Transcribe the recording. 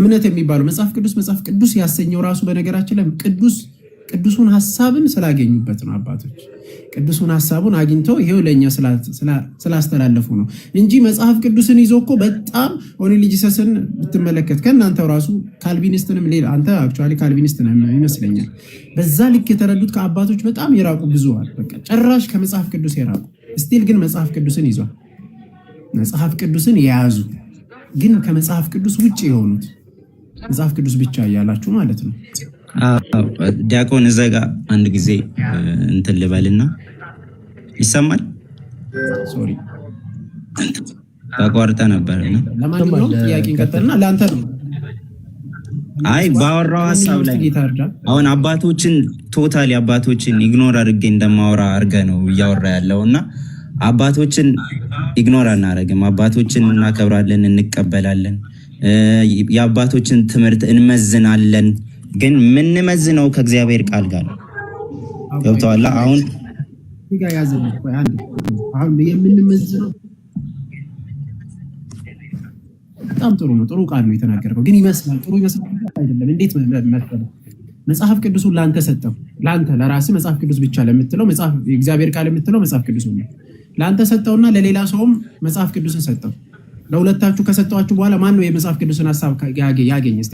እምነት የሚባለው መጽሐፍ ቅዱስ መጽሐፍ ቅዱስ ያሰኘው ራሱ በነገራችን ላይ ቅዱስ ቅዱሱን ሀሳብን ስላገኙበት ነው። አባቶች ቅዱሱን ሀሳቡን አግኝተው ይሄው ለእኛ ስላስተላለፉ ነው እንጂ መጽሐፍ ቅዱስን ይዞ እኮ በጣም ኦኒሊጂሰስን ብትመለከት ከእናንተው ራሱ ካልቪኒስትንም ሌላ አንተ አክቹዋሊ ካልቪኒስት ይመስለኛል። በዛ ልክ የተረዱት ከአባቶች በጣም የራቁ ብዙዋል። በቃ ጭራሽ ከመጽሐፍ ቅዱስ የራቁ ስቲል ግን መጽሐፍ ቅዱስን ይዟል። መጽሐፍ ቅዱስን የያዙ ግን ከመጽሐፍ ቅዱስ ውጭ የሆኑት መጽሐፍ ቅዱስ ብቻ እያላችሁ ማለት ነው። ዲያቆን እዛ ጋ አንድ ጊዜ እንትን ልበልና ይሰማል። ሶሪ ተቋርጠ ነበር። ለማንኛውም ጥያቄ እንቀጠልና ለአንተ ነው። አይ ባወራው ሀሳብ ላይ አሁን አባቶችን ቶታሊ አባቶችን ኢግኖር አድርጌ እንደማወራ አድርገ ነው እያወራ ያለው እና አባቶችን ኢግኖር አናደርግም። አባቶችን እናከብራለን፣ እንቀበላለን። የአባቶችን ትምህርት እንመዝናለን። ግን የምንመዝነው ከእግዚአብሔር ቃል ጋር ገብተዋል። አሁን በጣም ጥሩ ነው። ጥሩ ቃል ነው የተናገረው። ግን ይመስላል ጥሩ ይመስላል አይደለም። እንዴት መሰለህ መጽሐፍ ቅዱሱን ለአንተ ሰጠው። ለአንተ ለራስህ መጽሐፍ ቅዱስ ብቻ ለምትለው እግዚአብሔር ቃል የምትለው መጽሐፍ ቅዱስ ነው። ለአንተ ሰጠውና ለሌላ ሰውም መጽሐፍ ቅዱስን ሰጠው። ለሁለታችሁ ከሰጠዋችሁ በኋላ ማን ነው የመጽሐፍ ቅዱስን ሀሳብ ያገኘ?